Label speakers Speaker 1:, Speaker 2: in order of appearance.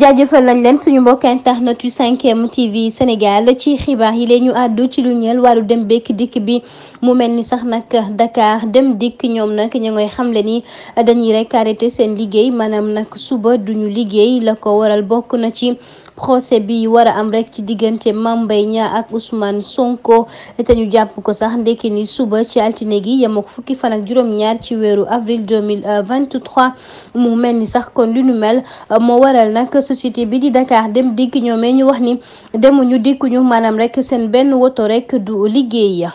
Speaker 1: jaajëfal nañ leen suñu mbokk internet yu 5M TV Sénégal ci xibaar yi leen ñu àddu ci lu ñeel wàllu dem bekk dikk bi mu mel ni sax nag dakaar dem dikk ñoom nag ñu ngay xamle ni dañuy rek arrêté seen liggéey maanaam nag suba duñu liggéey la ko waral bokk na ci procès bi war a am rek ci diggante Mame Mbaye Niang ak Ousmane Sonko te ñu jàpp ko sax ndekki ni suba ci altine gi yem ak fukki fan ak juróom-ñaar ci weeru avril 2023 mu mel ni sax kon lu mel moo société bi di Dakar dem dikk ñoomee ñu wax ni demuñu dikkuñu maanaam rek seen benn woto rek du liggéey ya